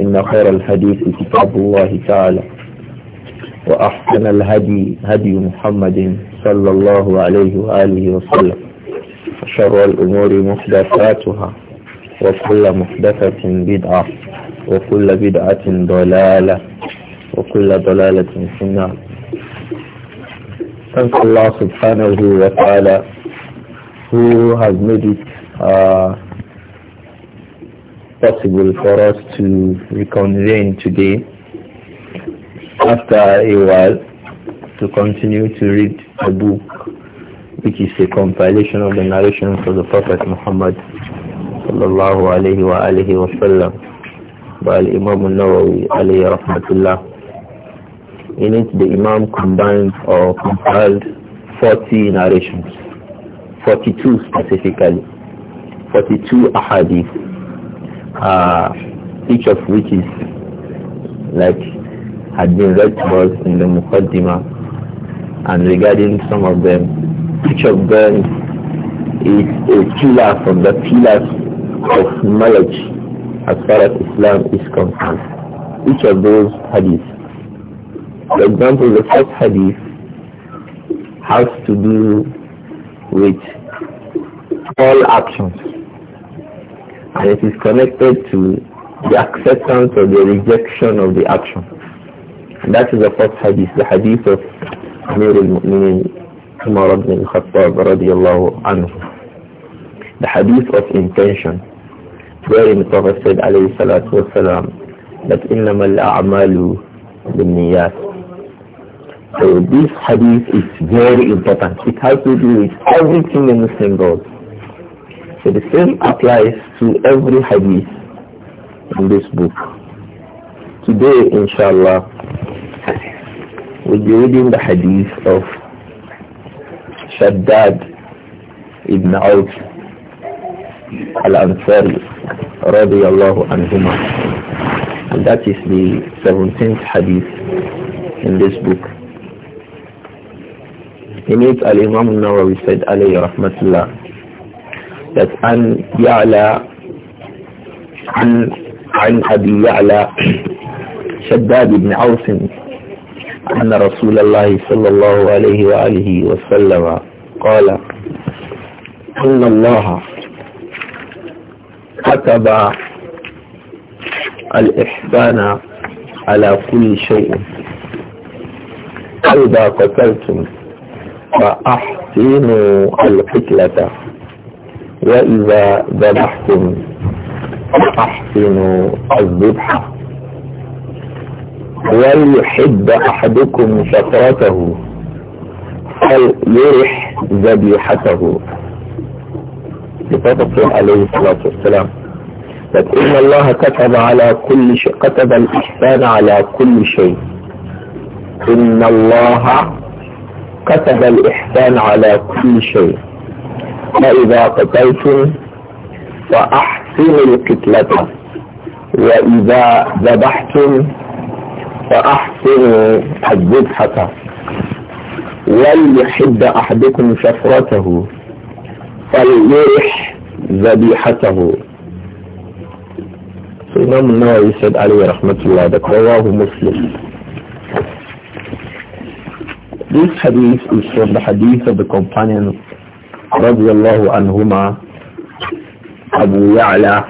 إن خير الحديث كتاب الله تعالى وأحسن الهدي هدي محمد صلى الله عليه وآله وسلم وشر الأمور محدثاتها وكل محدثة بدعة وكل بدعة ضلالة وكل ضلالة في النار Thank Allah subhanahu wa ta'ala who has made it uh, possible for us to reconvene today after a while to continue to read a book which is a compilation of the narrations of the Prophet Muhammad sallallahu alayhi wa wa sallam by Imam al-Nawawi alayhi rahmatullah. In it the Imam combined or compiled 40 narrations, 42 specifically, 42 ahadith uh, each of which is like had been read to us in the Muqaddimah and regarding some of them, each of them is a pillar from the pillars of knowledge as far as Islam is concerned. Each of those hadiths. For example, the first hadith has to do with all actions and It is connected to the acceptance or the rejection of the action. And that is the first hadith, the hadith of Amir al-Mu'minin Umar ibn al-Khattab radiallahu anhu. The hadith of intention, wherein the Prophet said alayhi salatu wasalam that إِنَّمَا الْأَعْمَالُ بِالنِّيَّاتِ so this hadith is very important. It has to do with everything the Muslim does. So the same applies to every hadith in this book. Today, inshallah, we'll be reading the hadith of Shaddad ibn Auf al-Ansari radiyallahu anhuma. And that is the 17th hadith in this book. In it, Al-Imam Nawawi said, alayhi rahmatullah, that عن يعلى عن عن أبي يعلى شداد بن عوف أن رسول الله صلى الله عليه وآله وسلم قال أن الله كتب الإحسان على كل شيء فإذا قتلتم فأحسنوا القتلة وإذا ذبحتم فأحسنوا الذبحة وليحب أحدكم شفرته فليرح ذبيحته لتفصل عليه الصلاة والسلام فإن الله كتب على كل شيء كتب الإحسان على كل شيء إن الله كتب الإحسان على كل شيء فإذا قتلتم فأحسنوا القتلة وإذا ذبحتم فأحسنوا الذبحة وليحد أحدكم شفرته فليرح ذبيحته سيدنا النووي سيد علي رحمة الله ذكر رواه مسلم This hadith is from the hadith of the companion رضي الله عنهما أبو يعلى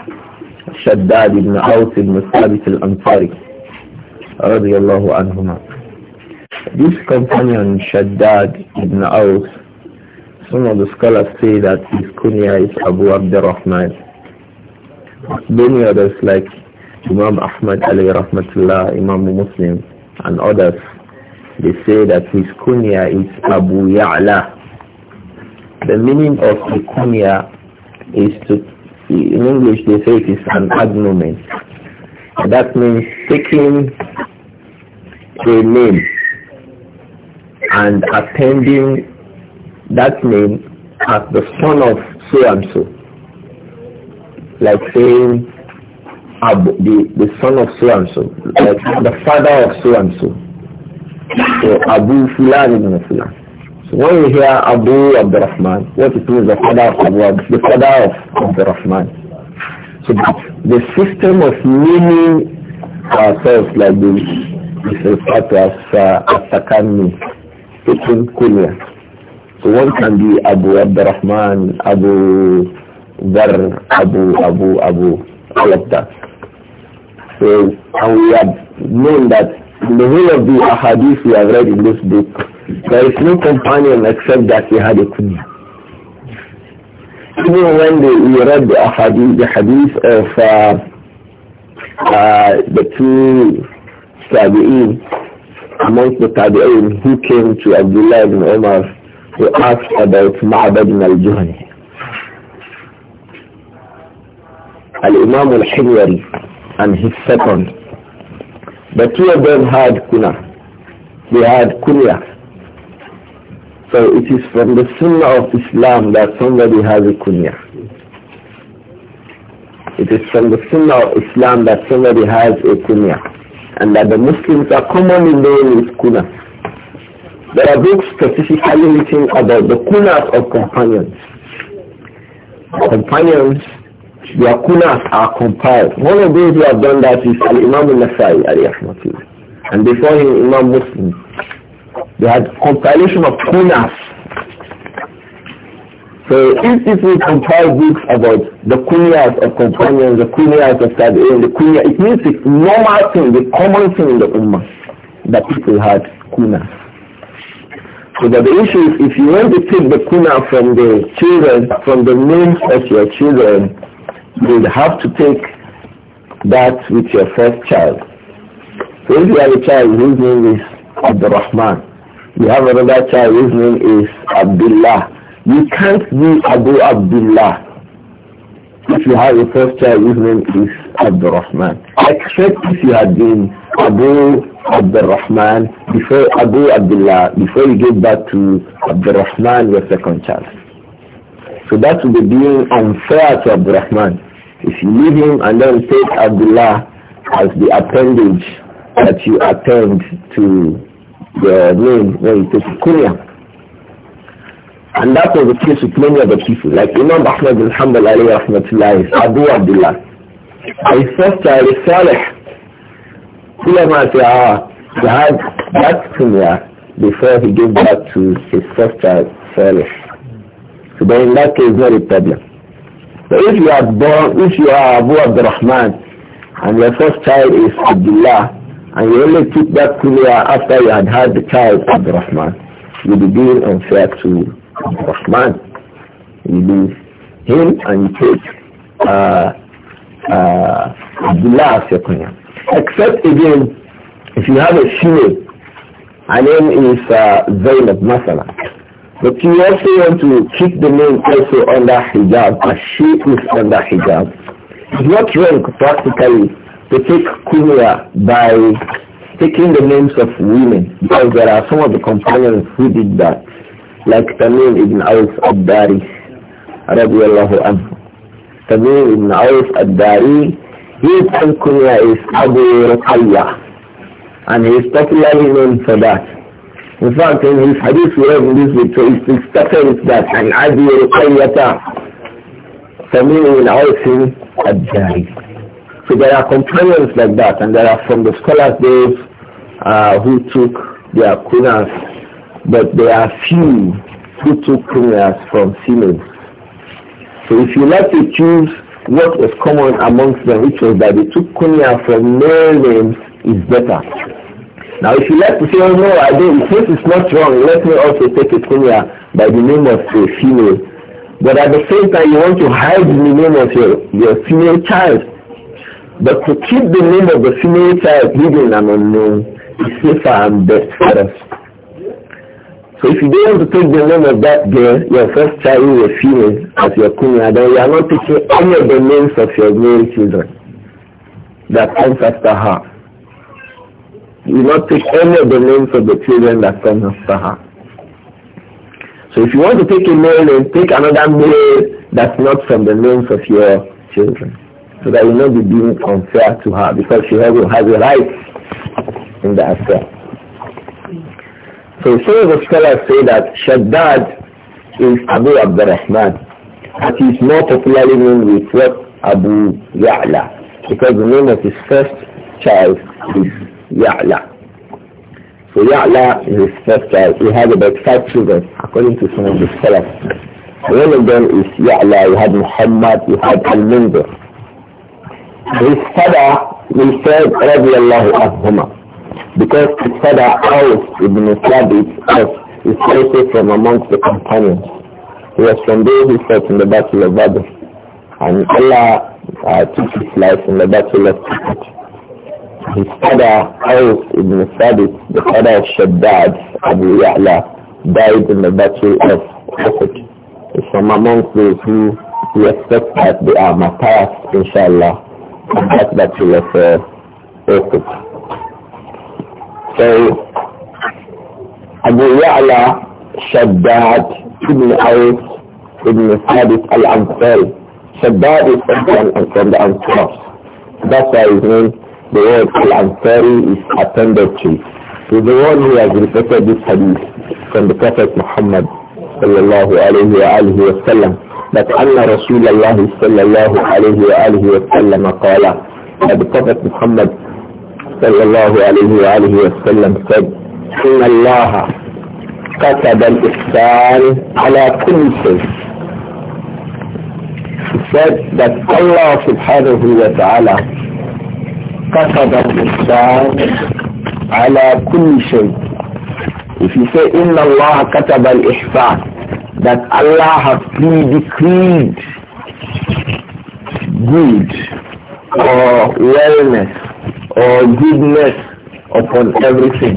شداد بن عوف بن ثابت الأنصاري رضي الله عنهما This companion Shaddad ibn Aus, some of the scholars say that his kunya is Abu Abdurrahman. Many others like Imam Ahmad Ali Rahmatullah, Imam Muslim and others, they say that his kunya is Abu Ya'la. The meaning of the is to, in English they say it is an agnomen. That means taking a name and attending that name as the son of so and so. Like saying the, the son of so and so, like the father of so and so. So Abu Fulan ibn Fulan when you hear Abu Abdurrahman, what it means the father of Abu the father of Abdurrahman. So the system of naming ourselves like this is referred to as uh, Asakani, taking kunya. So one can be Abu Abdurrahman, Abu Dar, Abu, Abu, Abu, all of that. So, and we have known that in the whole of the hadith we have read in this book, there is no companion except that he had a kunya. Even when we read the hadith, the hadith of uh, uh, the two tabi'in, amongst the tabi'in who came to Abdullah ibn Umar to ask about Ma'bad al-Juhani. Al-Imam al-Himyari and his second. The two of them had kunya. They had kunya. So it is from the sunnah of Islam that somebody has a kunya. It is from the sunnah of Islam that somebody has a kunya. And that the Muslims are commonly known with kunya. There are books specifically written about the kunas of companions. Companions, their kunas are compiled. One of those who have done that is Al-Imam al-Nasai, And before him, Imam Muslim. They had compilation of kunas. So if people compile books about the kunyas of companions, the kunyas of Tabi'in, the kunya, it means it's normal thing, the common thing in the Ummah that people had kunas. So that the issue is if you want to take the kuna from the children, from the names of your children, you'll have to take that with your first child. So if you have a child whose name is Abdurrahman, you have another child, whose name is Abdullah. You can't be Abu Abdullah. If you have a first child, whose name is Abdul Rahman. Except if you had been Abu Abdul Rahman before Abu Abdullah, before you give back to Abdul Rahman, your second child. So that would be being unfair to Abdul Rahman. If you leave him and then take Abdullah as the appendage that you attend to the name when you take kunya. And that was the case with many other people. Like Imam Ahmad bin Hanbal alayhi rahmatullah is Abu Abdullah. And his first child is Saleh. Ulama ah, he had that kunya before he gave birth to his first child, Saleh. So then in that case, not a problem. But if you are born, if you are Abu Abdurrahman and your first child is Abdullah, and you only took that kuliya after you had had the child, of Abdurrahman. you be being unfair to Abdurrahman. You lose him and you take uh, uh, Abdullah as kunya. Except again, if you have a female, her name is uh, Zainab Masala. But you also want to keep the name also under hijab, as she is under hijab. It's not wrong practically to take kunya by taking the names of women because there are some of the companions who did that like Tamim ibn Aus al-Dari radiallahu anhu Tamim ibn Aus al-Dari his kunya is Abu Ruqayya and he is popularly known for that in fact in his hadith we have in this video it started with that and Abu Ruqayyata Tamim ibn Aus al-Dari so there are companions like that, and there are from the scholars those uh, who took their kunas, but there are few who took kunas from females. So if you like to choose what was common amongst them, which was that they took kunya from male names, is better. Now if you like to say, oh no, I don't, this is not wrong, let me also take a kunya by the name of a female. But at the same time, you want to hide the name of your, your female child but to keep the name of the female child hidden and unknown is safer and best for us. So if you don't want to take the name of that girl, your first child is a female as your kunya, then you are not taking any of the names of your male children that comes after her. You will not take any of the names of the children that come after her. So if you want to take a male name, take another male that's not from the names of your children so that will not be being unfair to her because she also has a right in the affair. So some of the scholars say that Shaddad is Abu Abdurrahman, but he is more popularly known with what Abu Ya'la, because the name of his first child is Ya'la. So Ya'la is his first child. He had about five children, according to some of the scholars. One of them is Ya'la, he had Muhammad, he had Al-Mundir. His father, we said, radiallahu anhumah, because his father, Aus ibn Thabit, is also from amongst the companions. He was from those who fought in the Battle of Badr. And Allah uh, took his life in the Battle of Uhud. His father, Aus ibn Thabit, the father of Shaddad, Abu Ya'la, died in the Battle of Uhud. from amongst those who we expect that they are martyrs, inshallah that that he was uh, open. So Abu Ya'la Shaddad ibn Aus ibn Thabit al-Ansari. Shaddad is from, from the Ansars. That's why his name, the word al-Ansari is attended to. He's the one who has reported this hadith from the Prophet Muhammad sallallahu alayhi wa alihi wa sallam. بل رسول الله صلى الله عليه واله وسلم قال قد كتب محمد صلى الله عليه واله وسلم قد ان الله كتب الاحسان على كل شيء said that Allah subhanahu wa ta'ala كتب الاحسان على كل شيء if you say ان الله كتب الاحسان that Allah has pre-decreed good or wellness or goodness upon everything.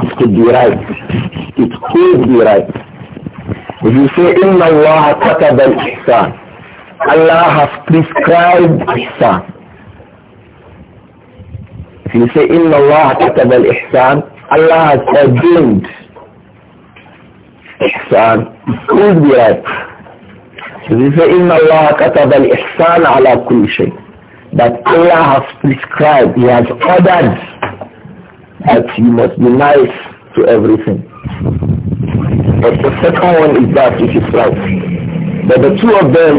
It could be right. It could be right. If you say, Inna إِنَّ اللَّهَ Al Ihsan, Allah has prescribed ihsan. If you say, Inna إِنَّ اللَّهَ Al Ihsan, Allah has ordained ihsan Please be right. So we say, إِنَّ اللَّهَ كَتَبَ Ihsan ala kulli shay, That Allah has prescribed, He has ordered that you must be nice to everything. But the second one is that which is right. But the two of them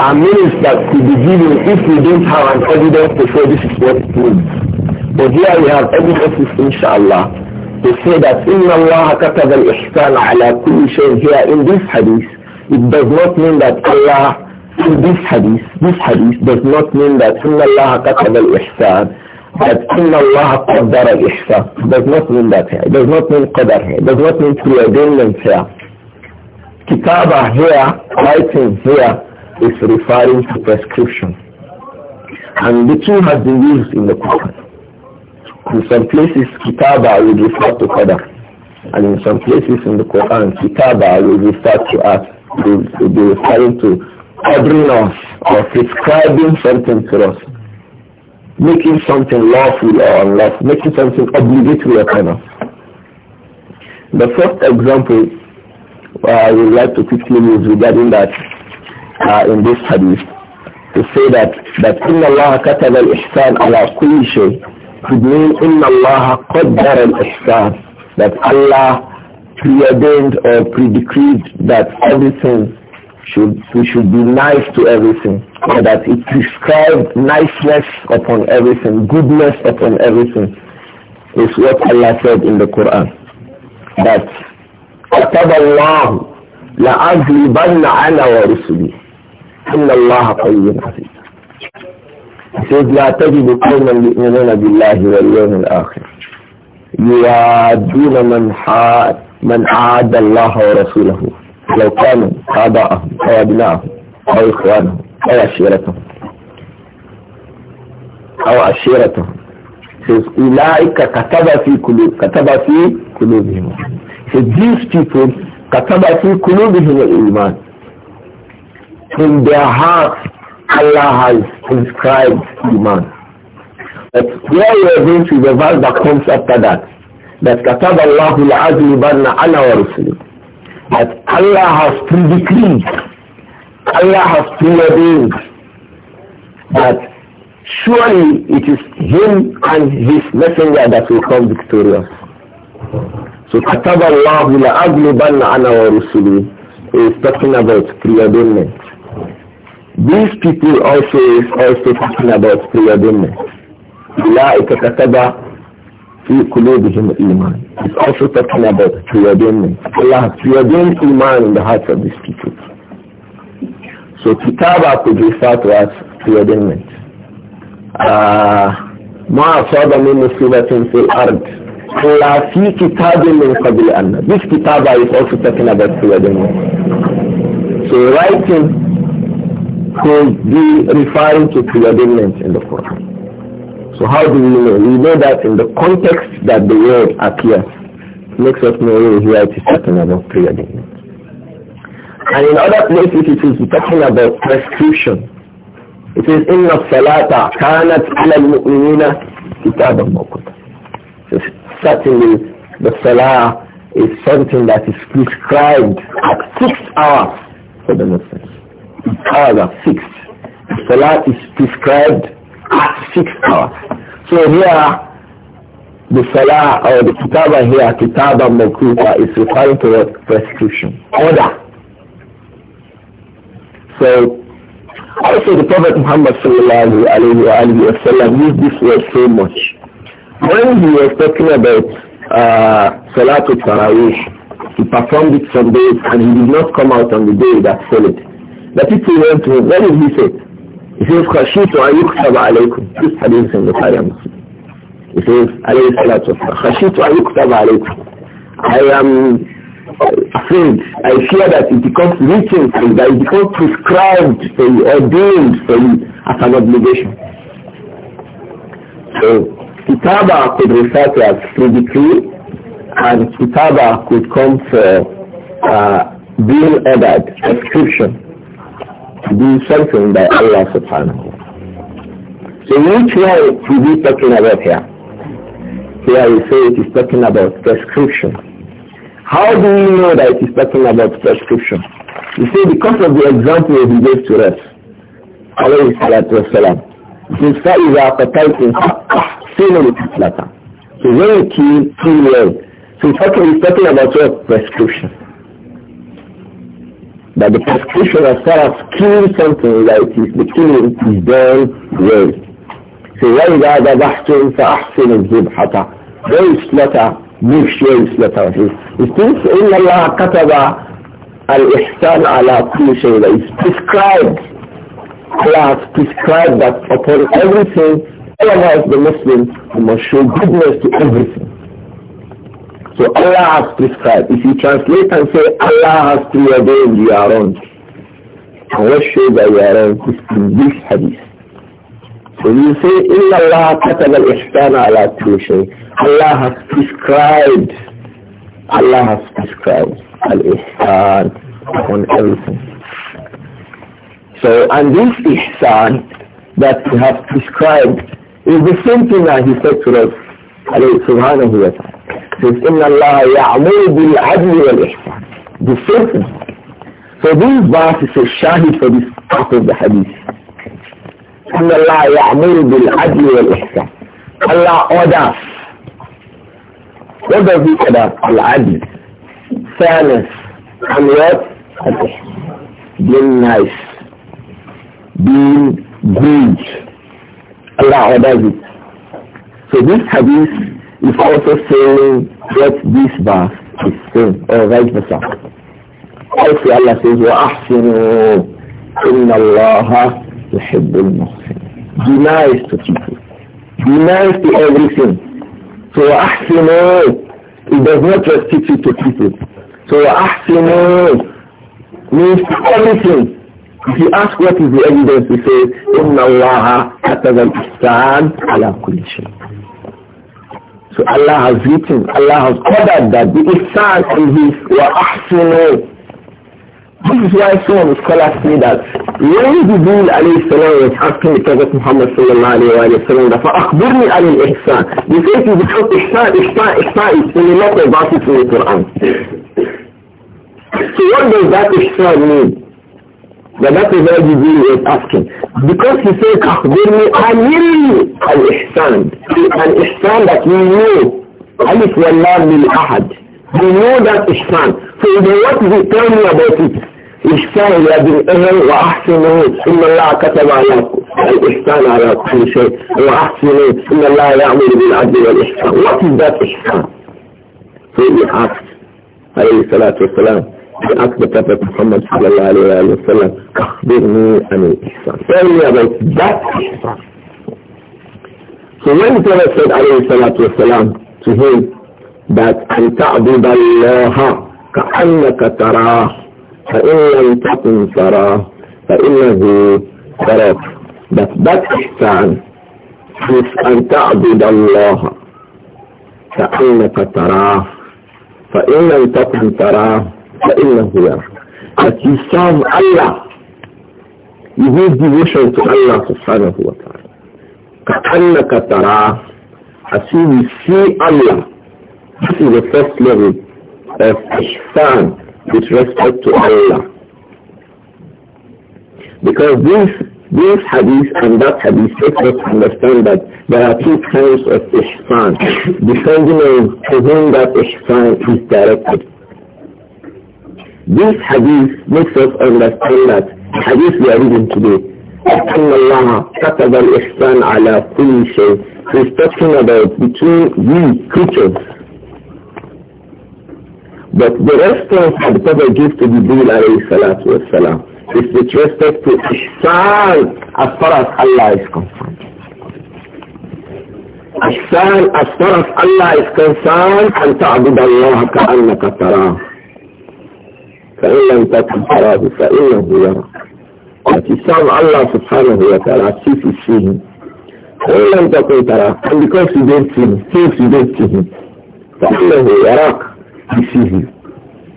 are means that could be given if we don't have an evidence to show this is what it means. But here we have evidences, inshallah, they say that إِنَّ اللَّهَ كَتَبَ الْإِحْسَانَ عَلَى كُلِّ شَيْءٍ here in this hadith. It does not mean that Allah in this hadith, this hadith does not mean that Inna إِنَّ katab al-ihsan. that Inna إِنَّ اللَّهَ al-ihsan does not mean that here. does not mean qadar here. does not mean preordainment here. Kitabah here, writing here, is referring to prescription. And the two has been used in the Quran. In some places, kitaba will refer to qadar. And in some places in the Quran, kitaba will refer to us, will, will be referring to ordering us or prescribing something to us. Making something lawful or unlawful, making something obligatory or not. The first example uh, I would like to quickly use regarding that uh, in this hadith to say that that إن الله كتب الإحسان على كل شيء could mean in Allah qaddar al-ihsan that Allah preordained or predecreed that everything should we should be nice to everything or that it prescribed niceness upon everything goodness upon everything is what Allah said in the Quran that كتب الله لأغلبن أنا ورسلي إن الله قوي عزيز says, لا تجد قوما يؤمنون بالله واليوم الآخر يوادون من حاد من عاد الله ورسوله لو كانوا آباءهم أو أبناءهم أو إخوانهم أو عشيرتهم أو عشيرتهم أولئك كتب في قلوب كتب في قلوبهم So these people كتب في قلوبهم الإيمان In their hearts Allah has prescribed the man. But where we are going to the verse that comes after that, that كتب الله لأغلبن أنا ورسلي that Allah has pre-decreed, Allah has preordained that surely it is Him and His messenger that will come victorious. So كتب الله لأغلبن أنا ورسلي is talking about preordainment. These people also is also talking about prayer, don't they? It's also talking about Tuyadunmi. Allah Tuyadun Iman in the hearts of these people. So Kitaba could refer to as Tuyadunmi. Uh, ma Sada Min Musibatin Fil Ard. Allah Fi Kitabin Min Qabil Anna. This Kitaba is also talking about Tuyadunmi. So writing could be referring to preordainment in the Quran. So how do we know? We know that in the context that the word appears makes us know here it is talking about preordainment. And in other places it is talking about prescription. It is إن الصلاة كانت على المؤمنين كتابا So, Certainly the salah is something that is prescribed at six hours for the Muslim hours are fixed. Salah is prescribed at six hours. So here, the Salah or the Kitaba here, Kitaba Makruhah is referring to a prescription, order. So, also the Prophet Muhammad sallallahu alayhi wa sallam used this word so much. When he was talking about uh, Salatul Taraweeh, he performed it some days and he did not come out on the day that followed. it. The people went to him. What did he say? He says, خَشِيتُ أَنْ يُكْتَبَ عَلَيْكُمْ This hadith is in Bukhari and Muslim. He says, عليه salatu والسلام, خَشِيتُ أَنْ يُكْتَبَ I am afraid. I fear that it becomes written for you, that it becomes prescribed for you, ordained for you as an obligation. So, Kitaba could refer to as free decree, and Kitaba could come for uh, being ordered, prescription to do something by Allah subhanahu wa So which one is he talking about here? Here we say it is talking about prescription. How do we know that it is talking about prescription? You see, because of the example he gave to us, alayhi salatu wasalam, he says, فَإِذَا قَتَلْتُمْ فَأَحْسِنُوا الْقِتْلَةَ So when you kill, kill well. So talking, he's talking about what? Prescription that the prescription as far as killing something like is the killing is done well. So وَإِذَا ذَبَحْتُمْ فَأَحْسِنُوا الذِّبْحَةَ When you slaughter, make sure you slaughter it. It means إِنَّ اللَّهَ كَتَبَ الْإِحْسَانَ عَلَى كُلِّ شَيْءٍ That is prescribed. class prescribed that upon everything, all of us the Muslims, we must show goodness to everything. So Allah has prescribed. If you translate and say Allah has preordained, you are wrong. And what shows that you are wrong is in this hadith. So you say, إِنَّ اللَّهَ كَتَبَ الْإِحْسَانَ عَلَى كُلِّ Allah has prescribed. Allah has prescribed al-ihsan on everything. So, and this ihsan that he has prescribed is the same thing that he said to us, subhanahu wa ta'ala. says, Inna Allah ya'muru bil adli wal ihsan. The same thing. So this verse is a shahid for this part of the hadith. Inna Allah ya'muru bil adli wal ihsan. Allah orders. What does he order? Al adl. Fairness. And what? Al ihsan. Being nice. Being good. Allah orders it. So this hadith is also saying that this verse is saying, or vice versa. Also Allah says, وَأَحْسِنُوا إِنَّ اللَّهَ يُحِبُّ الْمُحْسِنِينَ Be nice to people. Be nice to everything. So وَأَحْسِنُوا It does not restrict you to people. So وَأَحْسِنُوا means everything. If you ask what is the evidence, he says, إِنَّ اللَّهَ كَتَبَ الْإِحْسَانَ عَلَى كُلِّ شَيْءٍ so Allah has written, Allah has ordered that the Ihsan and His wa ahsinu. This is why some of the scholars say that when Jibreel alayhi salam was asking the Prophet Muhammad sallallahu alayhi wa sallam that فَأَخْبِرْنِي عَلِ الْإِحْسَانِ He say to the Prophet, Ihsan, Ihsan, Ihsan is in a lot of verses in the Quran. So what does that Ihsan mean? But that is why Jibreel was asking. Because he said, أخبرني عن الإحسان. An ihsan that we know. ألف والله للأحد. We know that ihsan. So then what did he tell me about it? إحسان يا ابن أهل وأحسنوا إن الله كتب على الإحسان على كل شيء وأحسنوا إن الله يأمر بالعدل والإحسان. What is that إحسان? So he asked عليه الصلاة والسلام بأكبر كتب محمد صلى الله عليه وسلم أخبرني عن الإحسان تقول يا بيت ذات إحسان So when the عليه الصلاة والسلام to him أن تعبد الله كأنك تراه فإن لم تكن تراه فإنه تراك But that إحسان أن تعبد الله كأنك تراه فإن لم تكن تراه that you serve Allah you give devotion to Allah subhanahu wa ta'ala كأنك تراه as you will see Allah this is the first level of ihsan with respect to Allah because this this hadith and that hadith makes us understand that there are two kinds of ihsan depending on to whom that ihsan is directed This hadith makes us understand that the hadith we are reading today, أحسن الله كتب الإحسان على كل شيء. He's talking about between we creatures. But the response that the Prophet gives to the Jibreel عليه الصلاة والسلام is with respect to إحسان as far as Allah is concerned. إحسان as far as Allah is concerned أن تعبد الله كأنك تراه فإن لم تكن تراه فإنه يراك اعتصام الله سبحانه وتعالى sees his sin فإن لم تكن تراه and because you don't see him since you don't see him فإنه يراك he sees you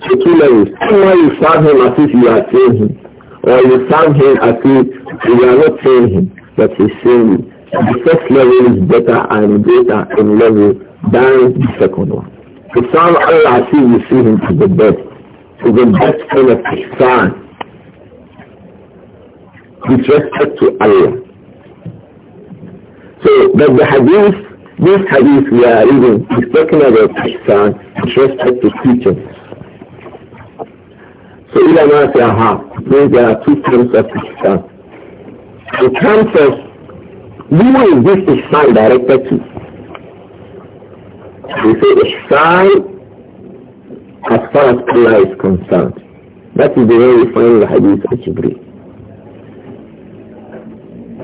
so two levels either you serve him as if you are seeing him or you serve him as if you are not seeing him but he's seeing you the first level is better and greater in level than the second one to serve Allah as if you see him is the best to the best kind of ihsan with respect to Allah. So that the hadith, this hadith we are reading is talking about ihsan with respect to teaching. So ulama say, aha, means there are two terms of ihsan. In terms of who is this ihsan directed to? We say ihsan as far as Allah is concerned. That is the way we find the hadith of Jibreel.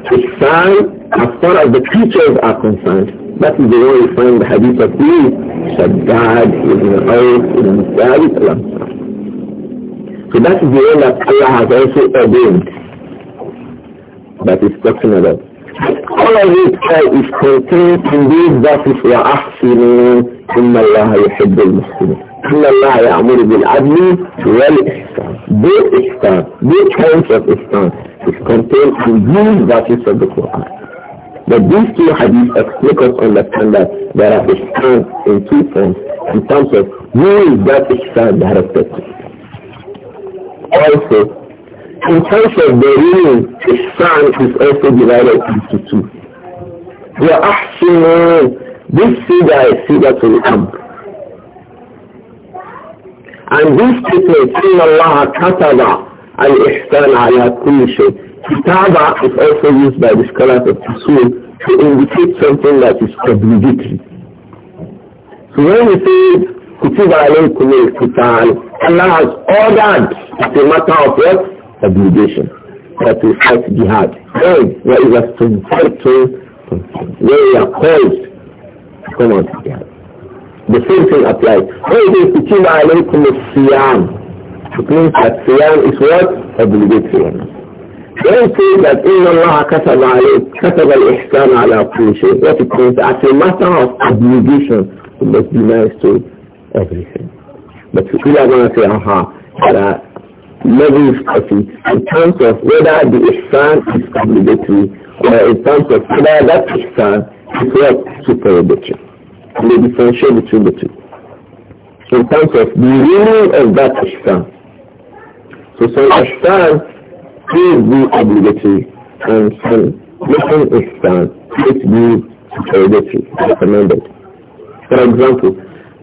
Ihsan, as far as the creatures are concerned, that is the way we find the hadith of the Shaddad, Ibn Awf, Ibn Thabit, So that is the way that Allah has also ordained that is talking about. All of it uh, is contained in these verses وَأَحْسِنُوا إِنَّ اللَّهَ يُحِبُّ الْمُحْسِنِينَ إِنَّ اللَّهَ يَأْمُرُ بِالْعَدْلِ وَالْإِحْسَانِ Both Ihsan, both kinds of Ihsan is contained in these verses of the Quran. But these two hadiths make us understand that there are Ihsan in two forms in terms of who is that Ihsan directed to. Also, in terms of the ruling, the sun is also divided into two. We are ahsinu, uh, this figure is figure to the amp. And this statement, إِنَّ Allah كَتَبَ al عَلَى كُلِّ شَيْء Kitaba is also used by the scholars of Usul to indicate something that is obligatory. So when we say, كُتِبَ al الْقِتَالِ Allah has ordered as a matter of what? obligation. That is fight jihad. Third, where you are to where you are called to come out The same thing applies. Where it is between the siyam. It means that siyam is what? Obligatory. When it says that إِنَّ اللَّهَ كَتَبَ عَلَيْكَ كَتَبَ الْإِحْسَانَ عَلَى كُلِّ شَيْءٍ What it means, as a matter of obligation, it must be nice to everything. But people are going to say, aha, uh -huh, that level is cutting in terms of whether the ihsan is obligatory or in terms of whether that ihsan is what superobligatory. And they differentiate between the two. In terms of the meaning of that ihsan. So some ihsan is the obligatory and some different ihsan is the superobligatory recommended. For example,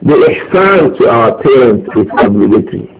the ihsan to our parents is obligatory.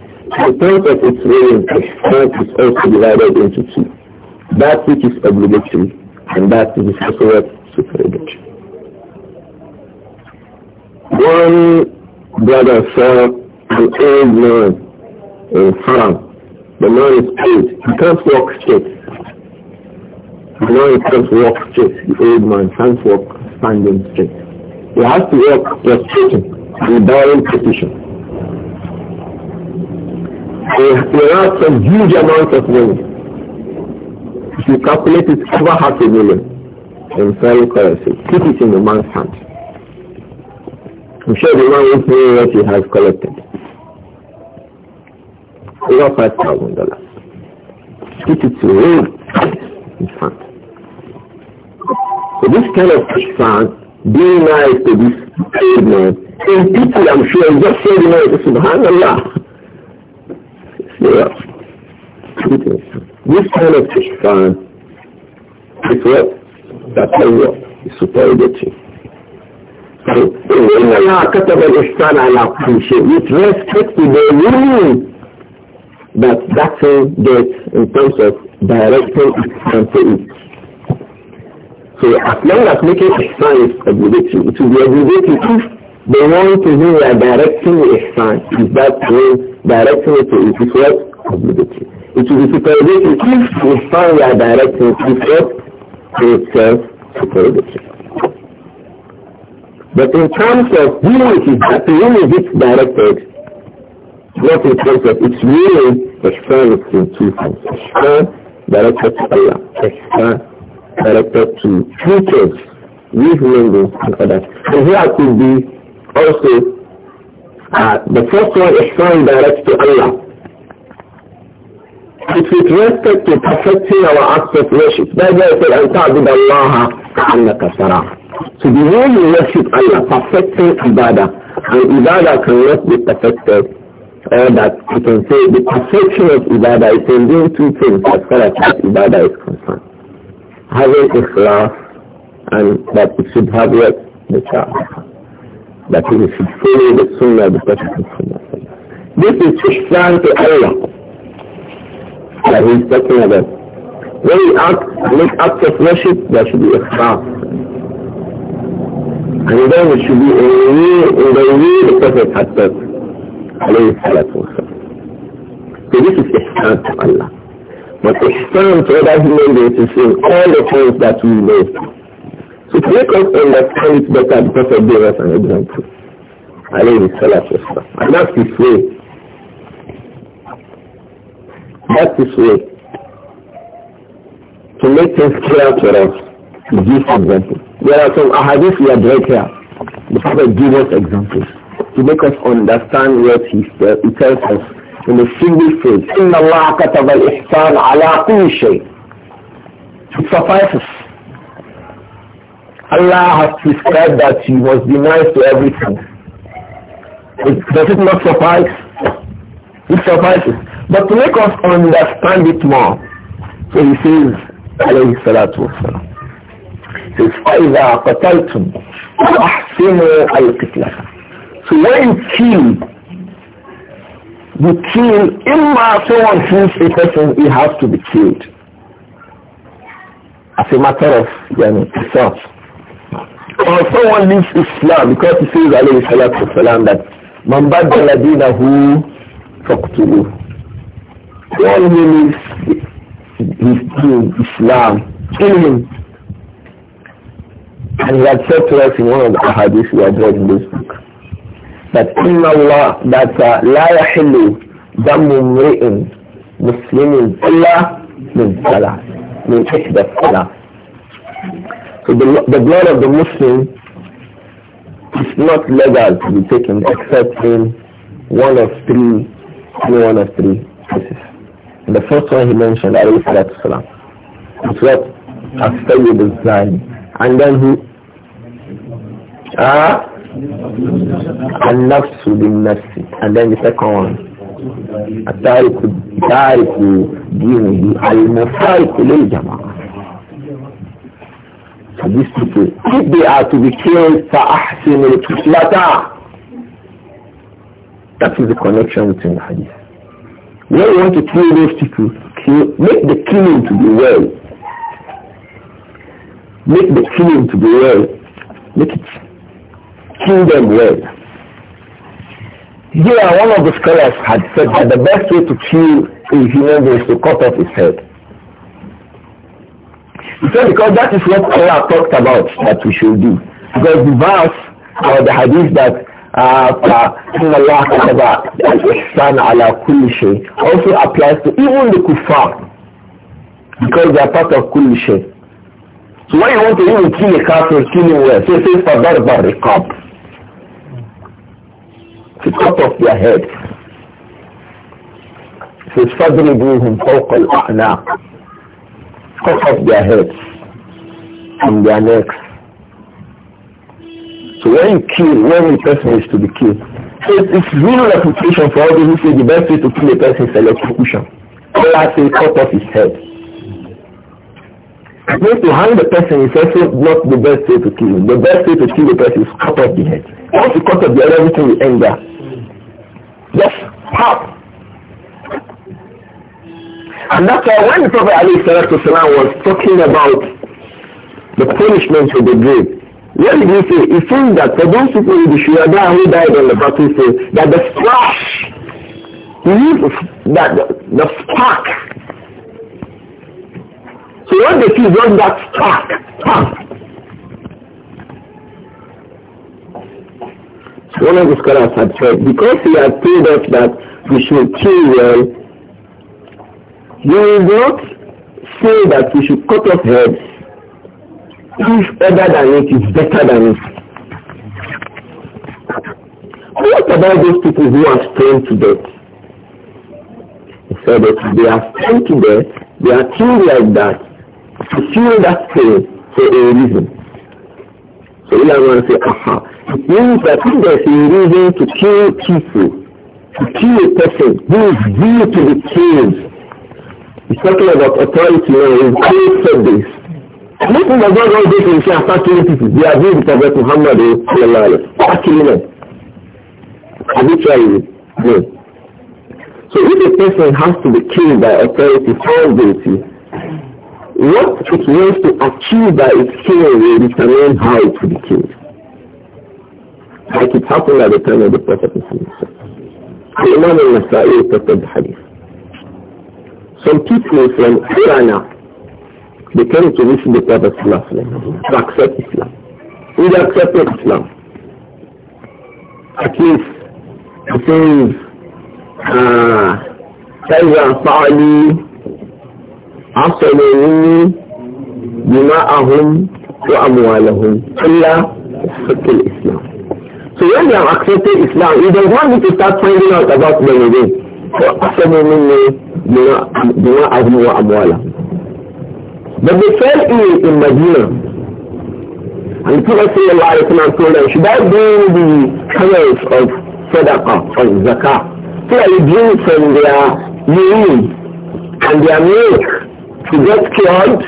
The point of its rain is also divided into two. That which is obligatory and that which is also supererogatory. One brother saw an old man in France. The man is old. He can't walk straight. The man can't walk straight. The old man can't walk standing straight. He has to walk prostrating in a bowing position. They, have some huge amount of money. If you calculate it over half a million in foreign currency, keep it in the man's hand. I'm sure the man will pay what he has collected. Over five thousand dollars. Keep it away in hand. So this kind of ihsan, being nice to this man, and people I'm sure just saying, you know, subhanallah. Yeah. This kind of Ishkan is what? That's how what? It's superiority. when I كتب الإحسان على I appreciate with respect to the ruling that that thing gets in terms of directing and to it. So as long as making Ihsan is obligatory, it will be obligatory they want to whom we are directing ihsan is that one directing it to it is what? Obligatory. It is supervision. If ihsan we are directing it is what? To itself, supervision. But in terms of who it is that to whom is it directed, not in terms of its really ihsan is in two things: Ihsan directed to Allah. Ihsan directed to creatures, living beings, and others. And here could be also, uh, the first one is found direct to Allah. It is with respect to perfecting our acts of worship. Bible said, "And Allah ka'annaka So the way you worship Allah, perfecting ibadah, and ibadah cannot be perfected, or that you can say the perfection of ibadah is in doing two things as far as ibadah is concerned: having ikhlas, and that it should have what the child that we should follow the sunnah of the Prophet This is Ihsan to Allah that he's talking about. When we act, make acts of worship, there should be Ihsan. And then it should be in the in the, way Prophet had said, alayhi salatu So this is Ihsan to Allah. But Ihsan to other human beings is in all the things that we know to make us understand it better, because Prophet gave us an example. Alayhi salatu And that's his way. That's his way. To make things clear to us, to give example. There are some ahadith we have right here. The Prophet gave us examples to make us understand what he, uh, he tells us in a single phrase. إِنَّ اللَّهَ كَتَبَ الْإِحْسَانَ عَلَىٰ كُلِّ شَيْءٍ It suffices. Allah has prescribed that he must be nice to everything. It, does it not suffice? It suffices. But to make us understand it more, so he says, alayhi salatu wasalam, he says, فَإِذَا قَتَلْتُمْ فَأَحْسِنُوا الْقِتْلَةَ So when you kill, you kill, imma someone kills a person, he has to be killed. As a matter of, you itself. Or someone leaves Islam because he says alayhi salatu wasalam that Man badala dinahu faqtulu. One who leaves his deen, Islam, kill him. And he had said to us in one of the hadiths we had read in this book that Inna Allah that uh, لَا يَحِلُّ دم امرئ مسلم الا من صلاه من احدى الصلاه the, the blood of the Muslim is not legal to be taken except in one of three, one of three cases. And the first one he mentioned, Ali salatu salam, is what? Astayyid al And then who? Ah? be بالنفس and then the second one التارك al دينه المفارق للجماعة to these people. If they are to be killed, for فَأَحْسِنُوا slaughter, That is the connection between the hadith. When you want to kill those people, kill, make the killing to be well. Make the killing to be well. Make it. Kill them well. Here, one of the scholars had said that the best way to kill a human being is to cut off his head. So because that is what Allah talked about that we should do. Because the verse or the hadith that إن uh, uh, Allah كتب الإحسان also applies to even the kuffar because they are part of كل شيء so when you want to even kill a kafir kill him well so it says the الرقاب to cut off their head so it's فضربوهم فوق الأعناق cut off their heads and their necks. So when you kill, when a person is to be killed, so it's real reputation for all those who say the best way to kill a person is electrocution. Allah says cut off his head. Because to hang the person is also not the best way to kill him. The best way to kill the person is cut off the head. Once you cut off the head, everything will end there. Just how? And that's why when the Prophet Ali was talking about the punishment for the grave, what did he say? He said that for those people in the Shuhada who died on the battlefield, that the splash, that the, the spark, so what they see want that spark, spark. One of the scholars had said, because he had told us that we should kill well, you will not say that we should cut off heads if other than it is better than it. What about those people who are stoned to death? He said that they are stoned to death, they are killed like that, to feel that pain for a reason. So we are going to say, aha, it means that if there is a reason to kill people, to kill a person who is due to be killed, He's talking about authority now in case of this. People does not know this and say, i killing people. They are doing the Prophet Muhammad eh, sallallahu alayhi wa killing them. Have you tried it? No. So if a person has to be killed by authority for guilty, what it wants to achieve by its killing will determine how it will be killed. Like it happened at the time of the Prophet Muhammad. The Imam al الإمام النسائي the Hadith. Some people from China, they came to to the Prophet to accept Islam. We accepted Islam. At least, it says, كَيْذَا فَعَلِي عَصَلُونِي دِمَاءَهُمْ وَأَمْوَالَهُمْ إِلَّا حق Islam. So when they have accepted Islam, you don't want me to start finding out about them again. فَأَصَلُوا مِنِّي بما أغنوا وأموالهم But they fell ill in Medina. And the Prophet sallallahu alayhi wa sallam told them, should I bring the colours of Sadaqah, of Zakah? Clearly, I drink from their urine and their milk to get cured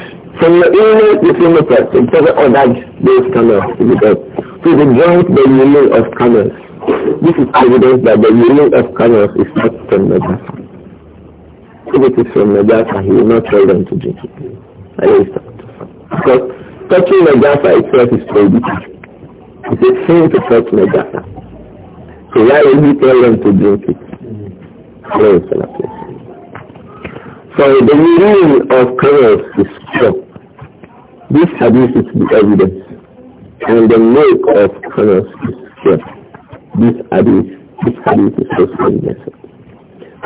from the illness within the person. So they ordered those camels to be dead. So they drank the urine of colours. This is evidence that the urine of colours is not from the Zakah if it is from Najasa, he will not tell them to drink it. Because touching Najasa itself is prohibited. It is sin to touch Najasa. So why will he tell them to drink it? So the meaning of curse is pure. This hadith is the evidence. And the milk of curse is pure. This hadith, this hadith is also evidence.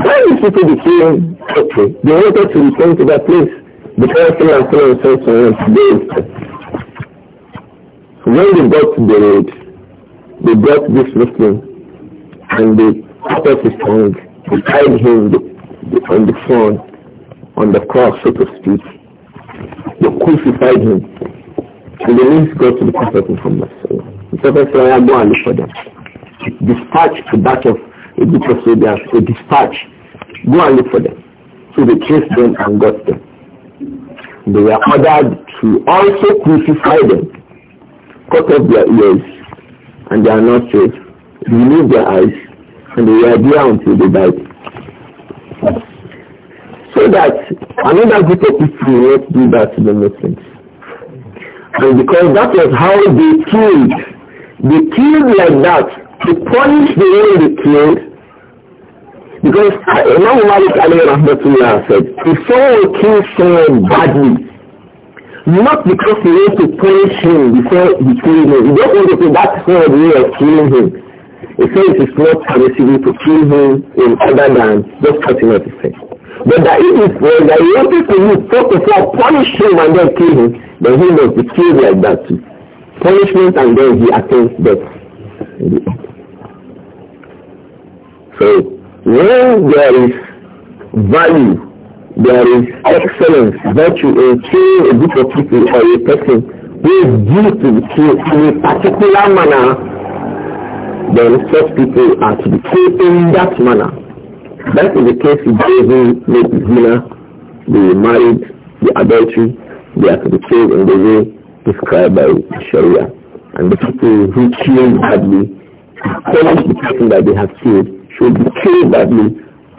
Why these people became hateful, they wanted to return to that place because someone told them so to When they got to the road, they brought this Muslim and they cut off his tongue, they tied him on the front, on the cross, so to speak. They crucified him. And the news got to the Prophet Muhammad. The Prophet said, I go and look for them. Dispatched the batch of a group of soldiers, a dispatch. Go and look for them. So they chased them and got them. They were ordered to also crucify them, cut off their ears, and they are not saved. Remove their eyes, and they were there until they died. So that another group of people will not do that to the Muslims. And because that was how they killed. They killed like that to punish the one they killed because uh, Imam Malik Ali Rahmatullah said, before we kill someone badly, not because we want to punish him before he kills him. We don't want to do that whole way of killing him. He says it is not permissible to kill him in other than just cutting off his head. But that if it was that he wanted to use first of all punish him and then kill him, then he must be killed like that too. Punishment and then he attains death. So when there is value, there is excellence, virtue in killing a group of people or a person who is due to in a particular manner, then such people are to be killed in that manner. That is the case with David, with Zina, the married, the adultery, they are to be killed in the way described by Sharia. And the people who kill badly punish the person that they have killed should be killed by me,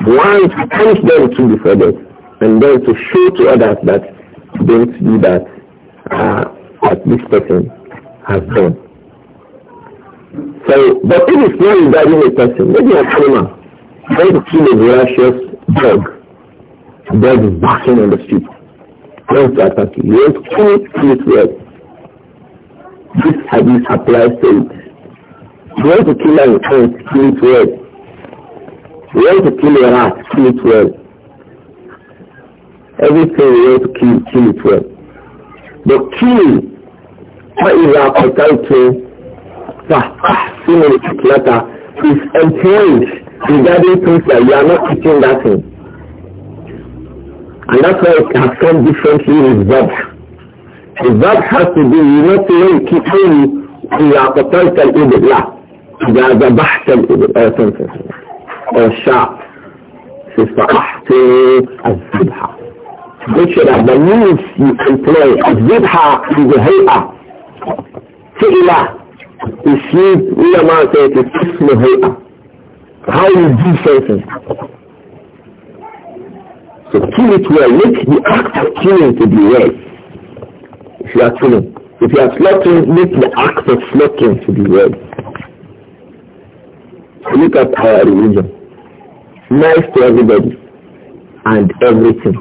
one to punish them to the them, and then to show to others that don't do that uh, that this person has done. So, but if it's not regarding a person, maybe a animal, trying to kill a voracious dog, the dog is barking on the street, trying to attack you. You want to kill it, kill it well. This habit applies to it. You want to kill an ant, kill it well. We want to kill a rat, kill it well. Everything we want to kill, kill it well. But kill فإذا قتلت فاحسنوا القتلة is entailed ah, regarding things that you are not teaching that thing. And that's why it has come differently with Zabh. الذبح has to be you not when كفاية إذا قتلت الإبل لا إذا the الإبل or sharp. فَاسْتَحْتُوا الذِّبْحَ Make sure that the means you employ, zibha is the hay'ah. فِئِلَةً is used, ulama say it is ismu hay'ah. How you do something. So kill it well. Make the act of killing to be well. If you are killing. If you are slaughtering, make the act of slaughtering to be well. Look at our religion nice to everybody and everything.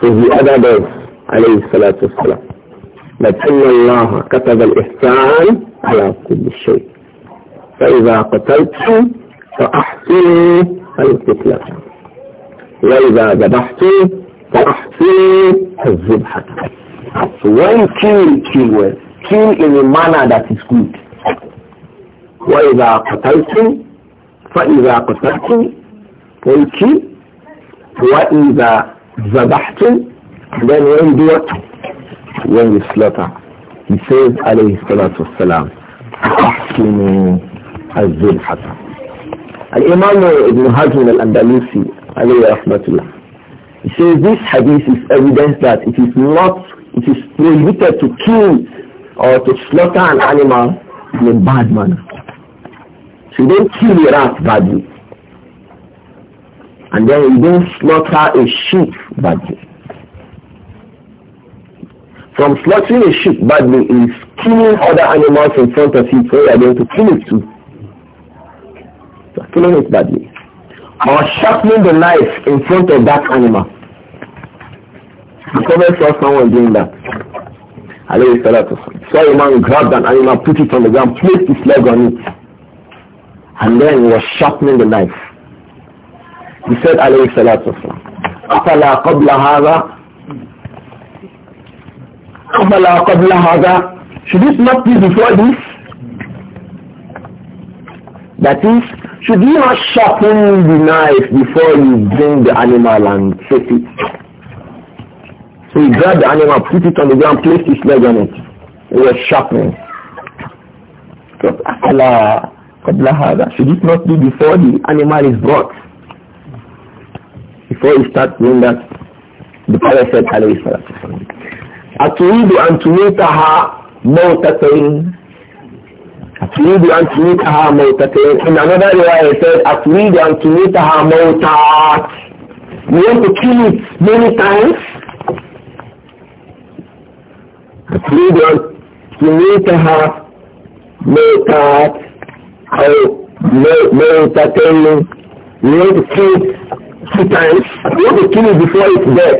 So the other does, alayhi salatu wasalam. But إن الله كتب الإحسان على كل شيء فإذا قتلتم فأحسنوا القتلة وإذا ذبحتم فأحسنوا الذبحة So when kill, kill well. Kill in a manner that is good. وإذا قتلتم فإذا قتلتم will وإذا ذبحتم then when do what? when you slaughter he says عليه الصلاة والسلام أحسنوا الذبحة الإمام ابن حزم الأندلسي عليه رحمة الله he says this hadith is evidence that it is not it is prohibited to kill or to slaughter an animal in a bad manner you don't kill a rat badly. And then you don't slaughter a sheep badly. From slaughtering a sheep badly is killing other animals in front of you so you are going to kill it too. So killing it badly. Or sharpening the knife in front of that animal. The never saw someone doing that. I salatu. Saw a man grabbed an animal, put it on the ground, placed his leg on it and then he was sharpening the knife. He said, alayhi salatu wasalam, أَفَلَا قَبْلَ هَذَا Should this not be before this? That is, should you not sharpen the knife before you bring the animal and face it? So he grabbed the animal, put it on the ground, placed his leg on it. It was sharpening. So, Allah Qabla hada. Should it not be before the animal is brought? Before you start doing that, the Prophet said, alayhi salatu wasalam, أتريد أن تميتها موتتين أتريد أن تميتها موتتين In another way he said, أتريد أن تميتها موتات You want to kill it many times? أتريد أن تميتها موتات أو لا يتكلم let it two times you want to kill it before it's dead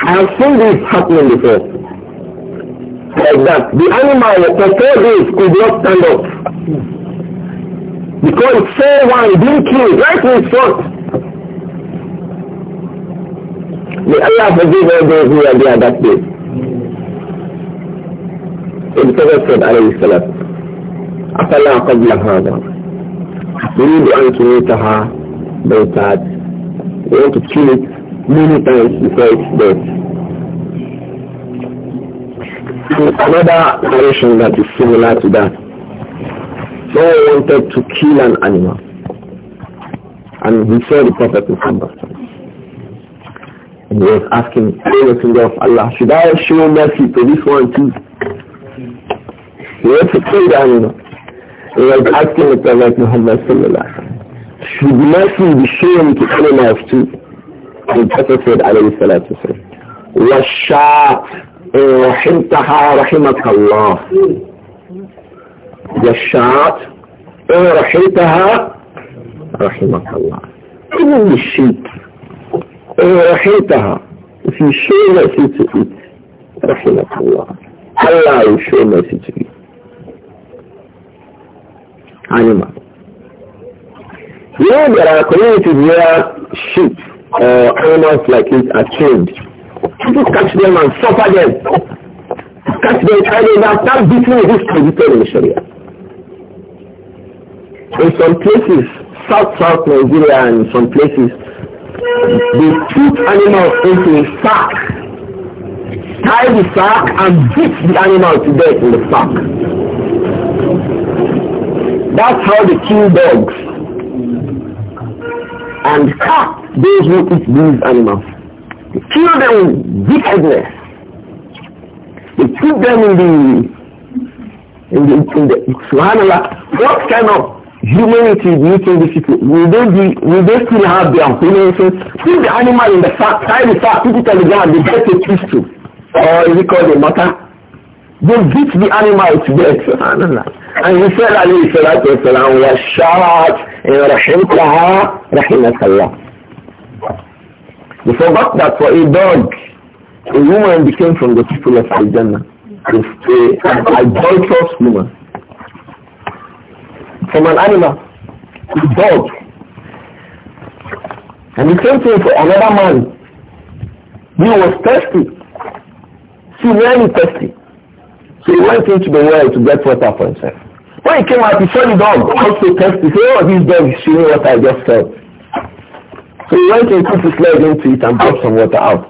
I have seen this happening before like that the animal for four days could not stand up because it saw one being killed right in front may Allah forgive all those who are there that day so the Prophet said alayhi salatu أفلا قبل هذا يريد أن تميتها بيتات You want to kill it many times before its death. another narration that is similar to that. Someone wanted to kill an animal. And he saw the Prophet Muhammad. And he was asking, the messenger of Allah, should I show mercy to this one too? He went to kill the animal. ويبعثنا مطلبات محمد صلى الله عليه وسلم شو بما في بشيء كتير ما يفتو الحسد عليه الصلاة والسلام والشاء رحمتها رحمك الله والشاء رحمتها رحمك الله كل الشيء رحمتها في شيء ما في رحمك الله الله يشوي ما في animal. You know, there are communities where sheep or uh, animals like it are chained. People catch them and suffer them. Catch them and start beating this prohibited in Sharia. In some places, South South Nigeria and some places, they put animals into a sack, tie the sack and beat the animal to death in the sack. That's how they kill dogs and cats, those who eat these animals. They kill them with wickedness. They put them in the, in the, in the, subhanAllah, what kind of humanity do you think these people, will they be, will they still have their humanness? Put the animal in the sack, tie the sack, put it on the ground, they get a twist to. Or is it called a matter? They beat the animal to death, subhanAllah. And he said, alayhi salatu wasalam, وَالشَّارَعَتْ we رَحِمْتَهَا رَحِمَكَ and We forgot that for a dog, a woman became from the people of Al-Jannah. An adulterous woman. From an animal. A dog. And the same thing for another man. He was thirsty. Severely thirsty. So he went into the well to get water for himself. When he came out, he saw the dog. to test. He said, oh, this dog is feeling what I just said." So he went and put his leg into it and brought some water out.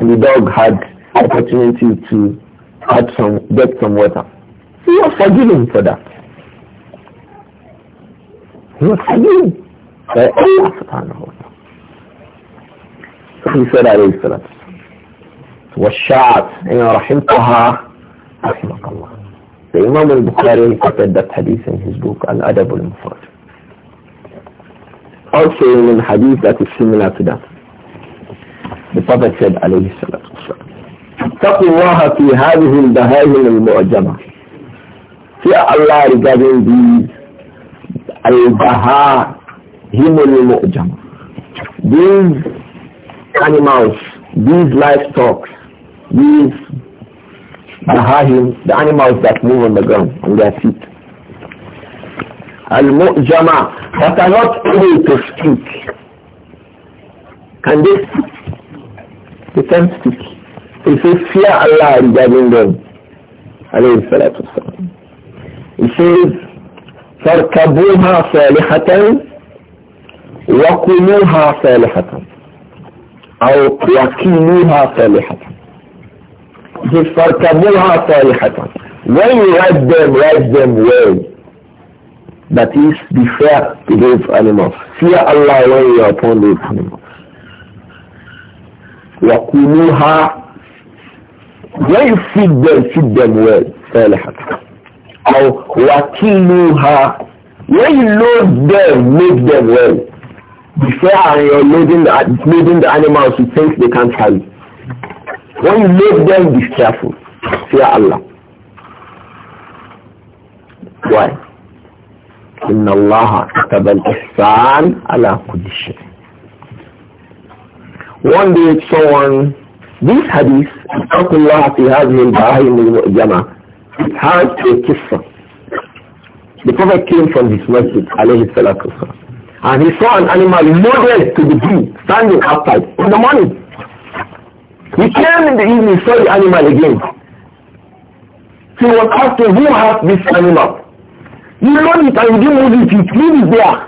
And the dog had opportunity to add some, get some water. He was forgiven for that. He was forgiven by Allah subhanahu wa ta'ala. So he said, "I alayhi salatu. والشعب إن رحمتها رحمك الله the Imam al-Bukhari reported that hadith in his book Al-Adab al-Mufrad. Also in a hadith that is similar to that, the Prophet said alayhi salatu wasalam, اتقوا الله في هذه البهائم المعجمة fear Allah regarding these al-bahahim al-mu'jama these animals these livestock these bahahim, the animals that move on the ground, on their feet. Al-Mu'jama, that are not able to speak. Can they speak? They can't speak. He says, fear Allah regarding them. Alayhi salatu wasalam. He says, فَارْكَبُوهَا صَالِحَةً وَكُلُوهَا صَالِحَةً أو وَكِلُوهَا صَالِحَةً He فَارْكَبُوهَا صَالِحَةً When you write them, write them well. That is, be fair to those animals. Fear Allah when you are upon those animals. وَكُلُوهَا When you feed them, feed them well. صَالِحَةً أو وَكِلُوهَا When you load them, make them well. Before fair and you're loading the, loading the animals, you think they can't carry. When you make them be careful, fear Allah. Why? Inna الله كتب الإحسان ala kudish. One day someone, this hadith, allah اتقوا الله في هذه البهائم المؤجمة, it has a kissa. The Prophet came from his masjid, alayhi salatu and he saw an animal loaded to the brim, standing upright in the morning. He came in the evening, saw the animal again. He was asking, who has this animal? You know it and you didn't move it, it is there.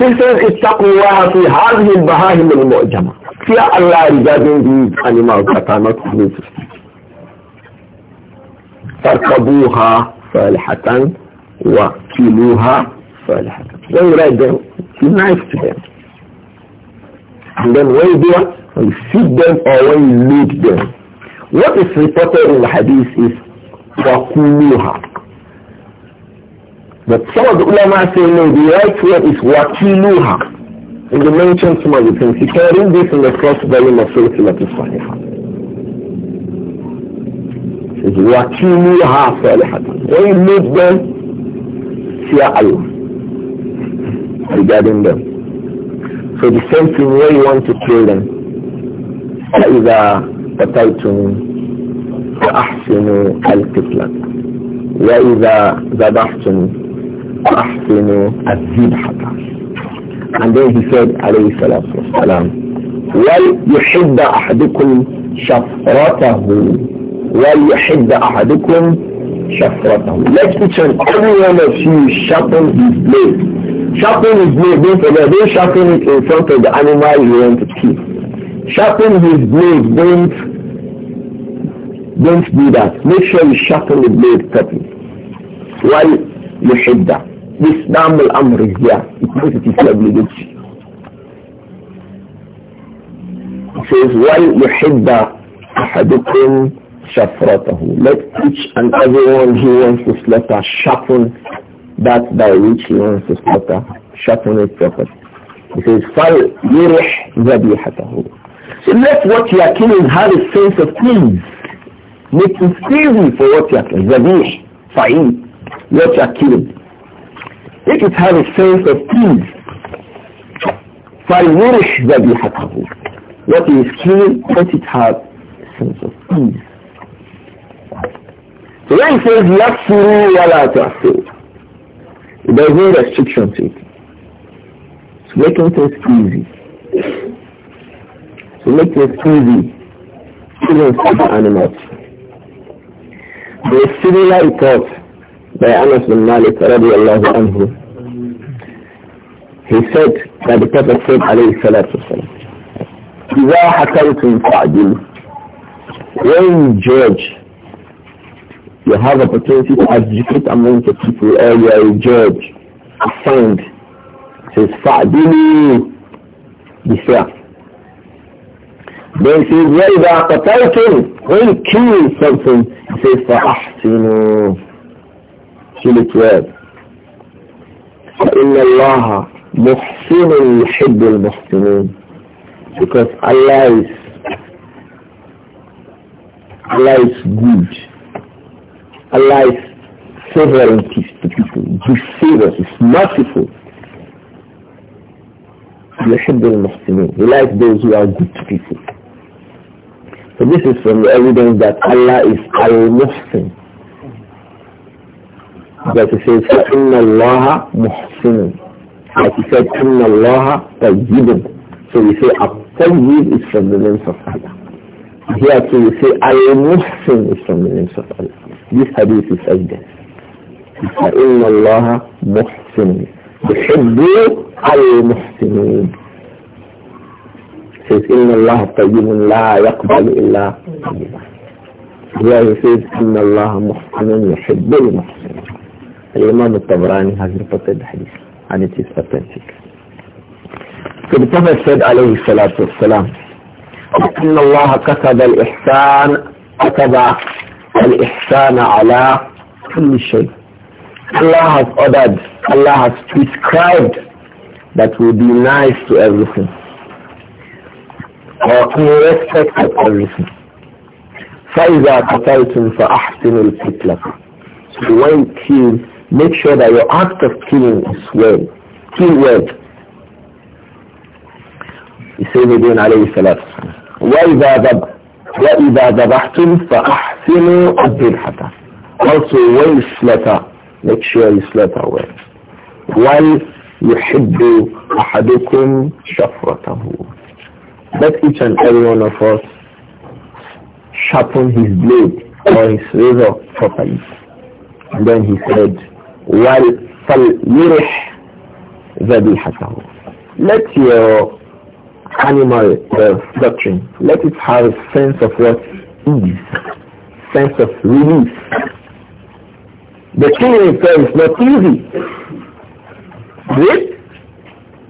So he says, it's اتقوا الله baha him, البهائم المعجمة. Fear Allah regarding these animals that are not moved. فاركبوها صالحة وكلوها صالحة. Then you write them, be nice to them. And then what do you do When you feed them or when you lead them. What is reported in the hadith is وَقُلُوهَا But some of the ulama say no, the right word is wakiluha. in the mention some of the things. You can read this in the first volume of Surah al It is It says, When you lead them, fear Allah regarding them. So the same thing when you want to kill them. فإذا قتلتم فأحسنوا القتلة وإذا ذبحتم فأحسنوا الذبحة And then he said عليه الصلاة والسلام وليحد أحدكم شفرته وليحد أحدكم شفرته Let each and every one of you sharpen his blade Sharpen his blade, don't forget, don't sharpen it in front of the animal you want to keep Sharpen his blade. Don't, don't do that. Make sure you sharpen the blade properly. While you hit that. This normal amr is there. It means it is obligatory. It says, while you hit that, أحدكم شفرته. Let each and everyone who wants to slaughter sharpen that by which he wants to slaughter. Sharpen it properly. It says, فَلْيُرِحْ ذَبِيحَتَهُ so let what you are killing have a sense of peace. Make it easy for what you are killing. Zabih, what you are killing. Make it have a sense of peace. that you have. What you What is killing, let it have a sense of peace. So when he says, يَكْفُرُوا وَلَا تَعْفُرُوا There is no restriction to it. It's making things easy. It makes it easy. Even other animals. The similar report by Anas bin Malik radiallahu anhu. He said that the Prophet said alayhi salatu wasalam, إِذَا حَكَمْتُمْ When you judge, you have opportunity to educate among the people or you are a judge, a sound. says, فَعْدِلُ Be fair. They say, says, وَإِذَا قَتَلْتُمْ When you kill something, he says, "For Ahsinu, Kill it well. فَإِنَّ اللَّهَ مُحْسِنٌ يُحِبُّ الْمُحْسِنِينَ Because Allah is Allah is good. Allah is favoring to people. He favors is merciful. يحب المحسنين. He likes those who are good to people. So this is from the evidence that Allah is Al-Muhsin. That he says, فَإِنَّ اللَّهَ مُحْسِنٌ Like he said, إِنَّ اللَّهَ طَيِّبٌ So we say, Al tayyib is from the names of Allah. Here too we say, Al-Muhsin is from the names of Allah. This hadith is evidence. فَإِنَّ اللَّهَ مُحْسِنٌ يُحِبُّ الْمُحْسِنِينَ says, Inna Allah tayyibun la يقبل illa Here he says, Inna Allah muhsanun yuhibbul muhsanun. Imam al-Tabrani has reported the hadith and it is authentic. So the Prophet said, alayhi salatu والسلام, إن الله كتب الإحسان كتب الإحسان على كل شيء. Allah has ordered, Allah has prescribed that we be nice to everything. or in respect فَإِذَا قَتَلْتُمْ فَأَحْسِنُوا الْقِتْلَةَ So when you make sure that your act of killing is well. Kill well. يسيني دين again, عليه الصلاة والسلام, وَإِذَا ذَبَحْتُمْ فَأَحْسِنُوا الذِّبْحَةَ Also when you slaughter, make sure you slaughter well. وَلْ يُحِبُّ أَحَدُكُمْ شَفْرَتَهُ Let each and every one of us sharpen his blade or his razor properly. And then he said, "While Let your animal uh, doctrine, let it have a sense of what is, sense of relief. The killing itself is not easy.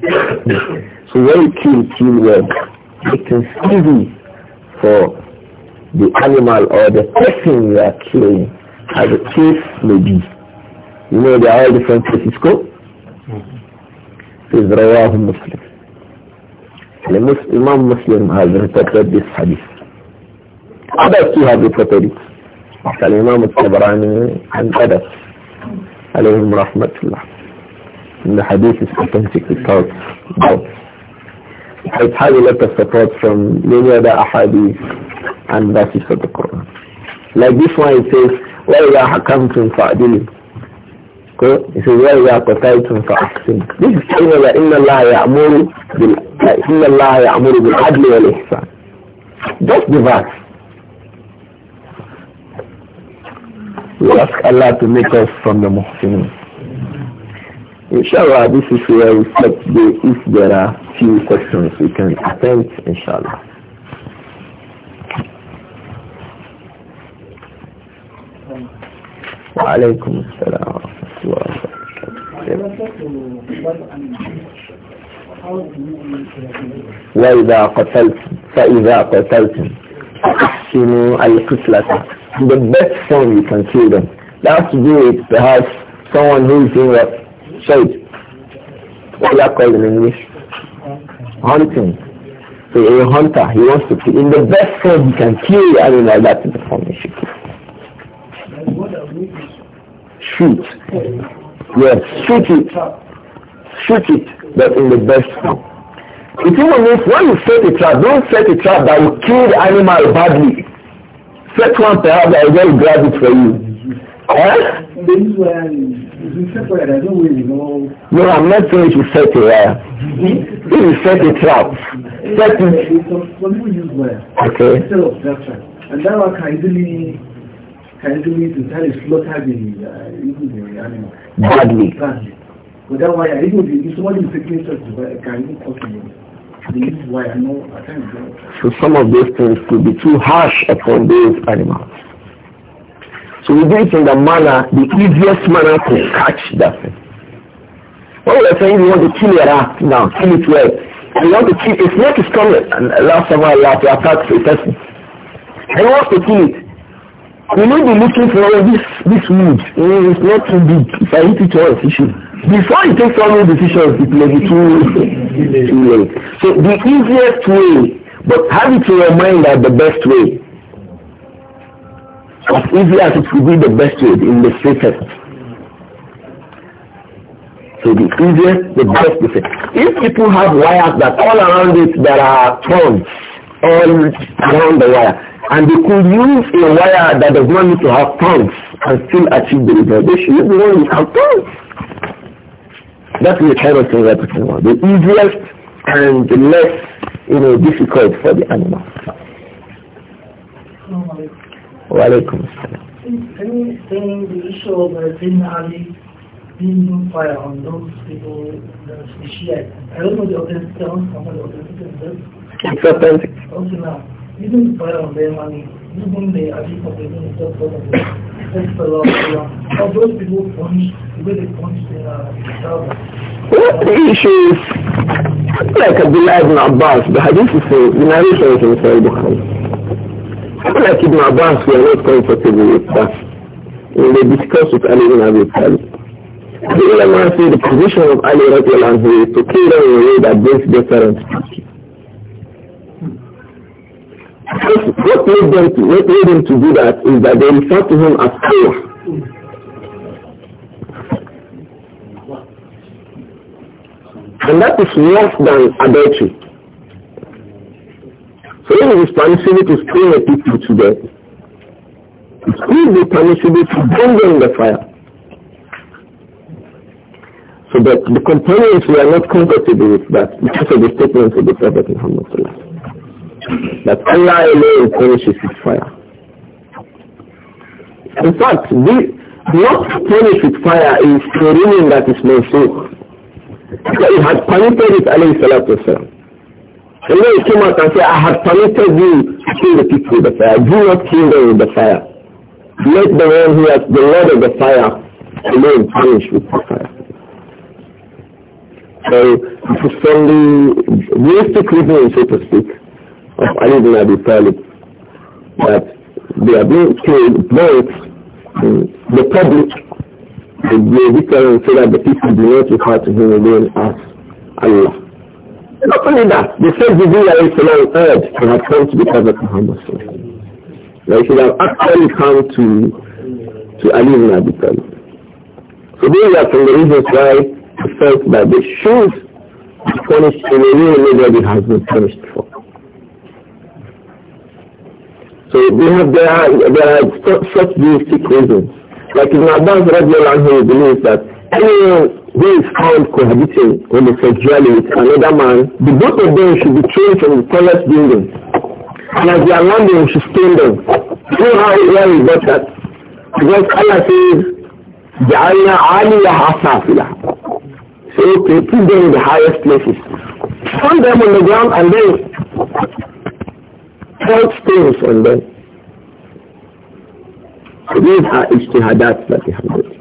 Right? so when you kill, kill well it is easy for the animal or the person you are killing, as the case may be. You know, there are all different places go. This is Rawah Muslim. The Muslim, Imam Muslim has reported this hadith. Others too have reported it. Al Imam al-Tabarani and others. Alayhim rahmatullah. And the hadith is authentic without doubt. I a lot of support from many other ahadith and verses of the Quran. Like this one, it says, "Where you are come to fa'adil." It says, "Where you are prepared to fa'asim." This is saying that Inna Allah ya'mur bil Inna Allah ya'mur bil adl wal ihsan. Just the verse. We ask Allah to make us from the muhsinin. Inshallah, this is where we stop today. If there are few questions, we can attend. inshallah. وعليكم السلام ورحمة الله وبركاته وإذا قتلتم فإذا قتلتم أحسنوا القتلة The best form you can kill them. That's to do perhaps someone who is in what Said. What you are called in English? Hunting. So a hunter, he wants to kill. In the best form he can kill animal, that's the form he should Shoot. Yes, shoot it. Shoot it, but in the best form. It even means when you set a trap, don't set a trap that will kill the animal badly. Set one perhaps that will just grab it for you. Eh? No, I'm not going to set a wire. Uh, hmm? you set a trap. Set it. Okay. Instead of that And that one can easily can easily to tell it slaughter the uh, animal. Badly. Badly. But that wire, even if somebody is taking such a wire, can even cause it. So some of those things could be too harsh upon those animals. So we do it in the manner, the easiest manner to catch that thing. When we are saying we want to kill your rat now, kill it well. We want to kill it. Snake is coming. And Allah subhanahu wa to attack a person. And he to kill it. We may be looking for this, this wood. Mm, it's not too big. If I eat it once, it should. Before you take some decisions, it may be too, too late. So the easiest way, but have it in your mind that the best way as easy as it will be the best way in the safest. So the easiest, the best is If people have wires that all around it there are thorns all around the wire, and they could use a wire that does not need to have thorns and still achieve the result, they should use the one with That's the kind of thing we're talking about. The easiest and the less, you know, difficult for the animal. Walaikum salam. Can saying the issue of Bin uh, Ali being fire on um, those people, the Shiite? I don't know the authenticity, I don't know the authenticity of this. It's authentic. Also now, even fire on their money, even the Ali for the minister of the How those people punish, the way they punish their uh, What the issue is, like Abdullah ibn Abbas, the hadith is the narration is in Sahih Bukhari. Like Ibn Abbas, we are not comfortable with that. When they discuss with Ali ibn Abi Talib. The ulama say the position of Ali radiallahu anhu to kill them in a way that brings deference to What made them to, what made them to do that is that they refer to him as Allah. And that is worse than adultery. So it is permissible to scream at people to death. It could be permissible to burn them in the fire. So that the companions were not comfortable with that because of the statements of the Prophet Muhammad that Allah alone punishes with fire. In fact, the, not to punish with fire is the ruling that is mentioned. So he had punished it, alayhi salatu wasalam. And then he came out and said, I have permitted you to kill the people with the fire. Do not kill them with the fire. Let the one who has the Lord of the fire alone punish with the fire. So it is from the realistic reasoning, so to speak, of Ali bin Abi Talib that they are being killed both the public the victim so that the people do not refer to him again as Allah. Not only that, they said Jibreel alayhi salam heard and had come to the Prophet Muhammad Like he have actually come to, to Ali ibn Abi Talib. So these are of the reasons why he felt that they should be punished in a way nobody has been punished for. So we have, there are, there are such basic reasons. Like my Abbas radiallahu anhu believes that anyone who is found cohabiting homosexually with another man, the both of them should be thrown from the tallest building. And as they are landing, she should stone them. You know how well is got that? Because Allah says, جَعَلْنَا aliyah سَافِلَهَا So okay, put them in the highest places. Found them on the ground and then hold stones on them. these are that we have done.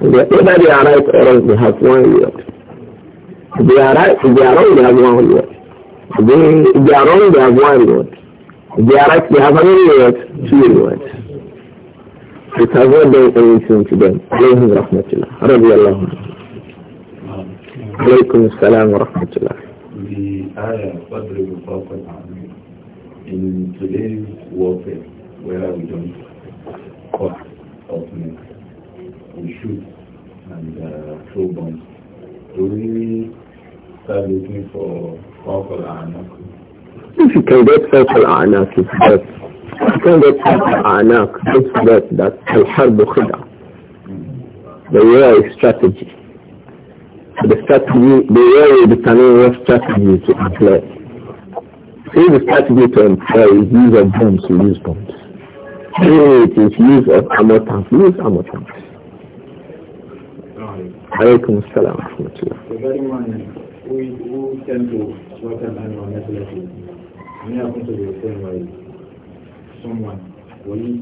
Whether they are right or wrong, have one reward. If they are right, if they are wrong, they have one reward. If they, are wrong, they have one reward. If they are right, they have another reward, two rewards. It has not done anything to them. Alayhim rahmatullah. Rabbi Allah. Alaykum assalam wa rahmatullah. The ayah, Qadri wa in today's warfare, where we don't cause ultimately we shoot and uh, throw bombs. Do we start looking for Fawkal Anak? If you can get Fawkal Anak, it's best. You can get Fawkal Anak, it's best. That's Al-Harbu Khida. The war is strategy. the strategy, the war will determine what strategy to employ. See, the strategy to employ is use of bombs, we use bombs. See, it is use of armor tanks, use armor tanks. Alaykum salam wa rahmatullah. to the same way. Someone, when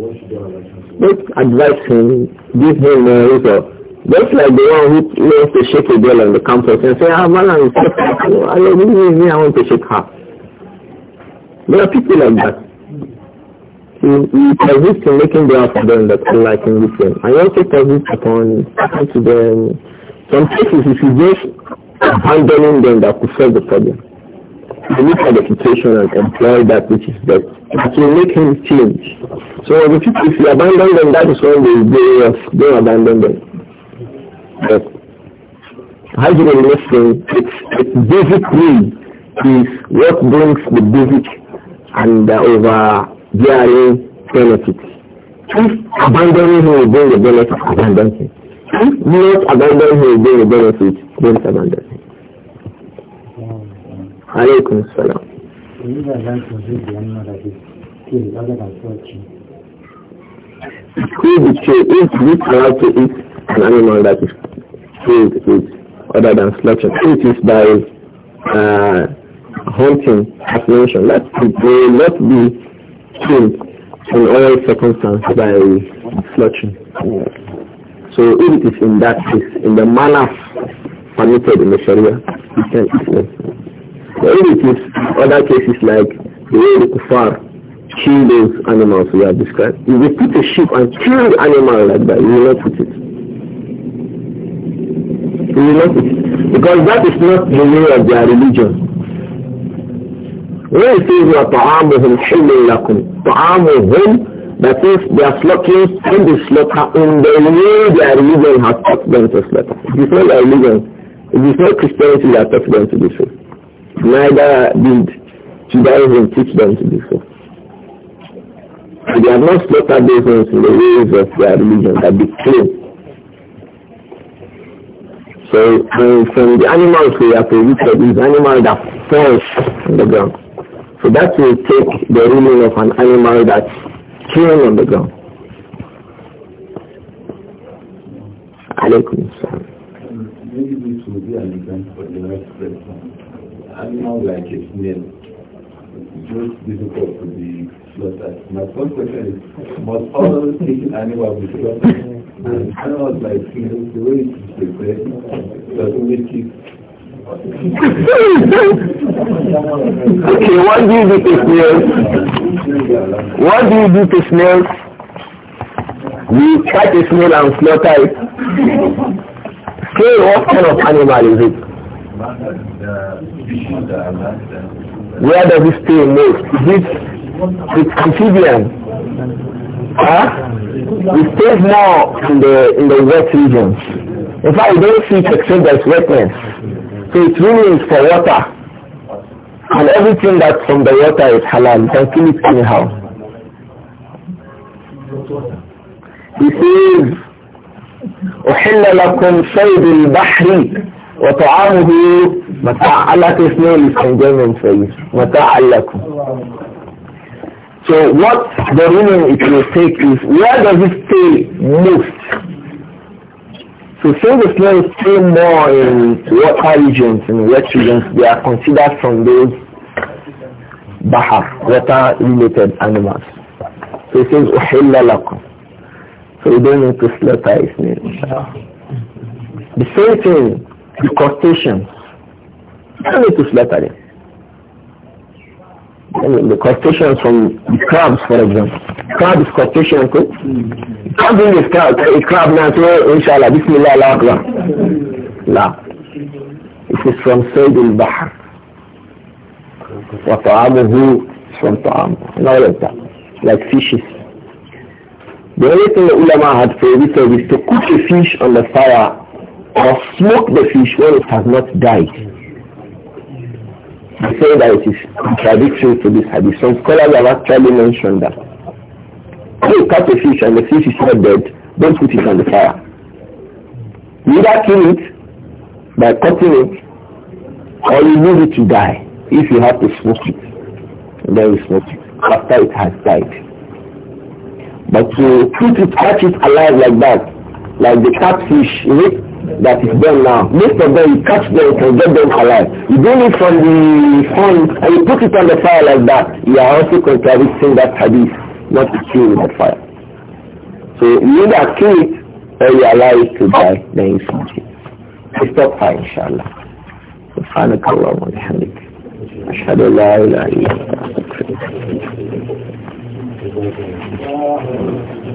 what should do advise him, give him a result. Just like the one who wants to shake a girl on the campus and say, ah, man, I'm so I don't I want to shake her. There are people like that you, persist in making dua for them that Allah can this them. I also persist upon talking to them. Some cases, if you just abandoning them, that could solve the problem. You look at the situation and employ that which is best. That will make him change. So if you, if you abandon them, that is when they go off. abandoned. not abandon them. But Hajj al-Muslim, its, its basic need is what brings the basic and the over bearing benefit. If abandoning him will bring the benefit, abandon him. If not abandoning him will bring the benefit, don't abandon him. Alaykum salam. It could be killed if we allowed to eat an animal that is killed Is other than slaughter. It is by uh, hunting, as mentioned. it will not be in all circumstances by slaughter. So if it is in that case, in the manner permitted in the Sharia, you can eat them. But if it is other cases like the way the kuffar kill those animals we have described, if they put a sheep and kill the animal like that, you will not eat it. You will not eat it. Because that is not the way of their religion. When it says وَطَعَامُهُمْ حِلٌّ لَكُمْ طَعَامُهُمْ That is, their slaughtering and the slaughter in the way their religion has taught them to slaughter. It is not their religion. It is not Christianity that taught them to do so. Neither did Judaism teach them to do so. they have not slaughtered those ones in the ways of their religion that they claim. So um, from the animals we have to look at these animals that falls on the ground. So that will take the ruling of an animal that's chewing on the ground. Alaykum salam. Maybe this will be an event for the next person. Animal like a snail, just difficult to be slaughtered. My first question is, must all taken animals be slaughtered? And animals like snails, the way it's prepared, doesn't make it okay, what do you do to snails? What do you do to snails? You catch a snail and slaughter it. Snail, what kind of animal is it? Where does it stay most? Is it it's amphibian? Huh? It stays more in the in the wet regions. In fact, you don't see it except there's wetness. So it really is for water. And everything that's from the water is halal. You can kill it anyhow. He says, أحل لكم صيد البحر وطعامه متاع Allah is known is متاع لكم. So what the meaning it will take is where does it stay most? So since Islam is still more in what regions and what regions, they are considered from those bahar, water-related animals. So it says, أُحِلَّ So you don't need to slaughter his name. The same thing, the crustaceans. You don't need to slaughter them the quotation from crabs, for example. Crab is quotation, okay? can't in this crab, a crab now, so inshallah, bismillah, Allah Akbar. La. This is from Sayyid al-Bahr. وطعامه from طعام and all of that like fishes the only thing the ulama had this is to cook a fish on the fire or smoke the fish when it has not died they say that it is contradictory to this hadith. Some scholars have actually mentioned that. you catch a fish and the fish is not dead, don't put it on the fire. You either kill it by cutting it or you leave it to die if you have to smoke it. And then you smoke it after it has died. But to put it, catch it alive like that, like the catfish, is it? that is done now. Most of them, you catch them, you can get them alive. You bring it from the fund and you put it on the fire like that. You are also contradicting that hadith, not to kill with the fire. So you either kill it or you allow it to die, then you smoke it. Stop fire, inshallah. سبحانك اللهم وبحمدك أشهد أن لا إله إلا أنت أستغفرك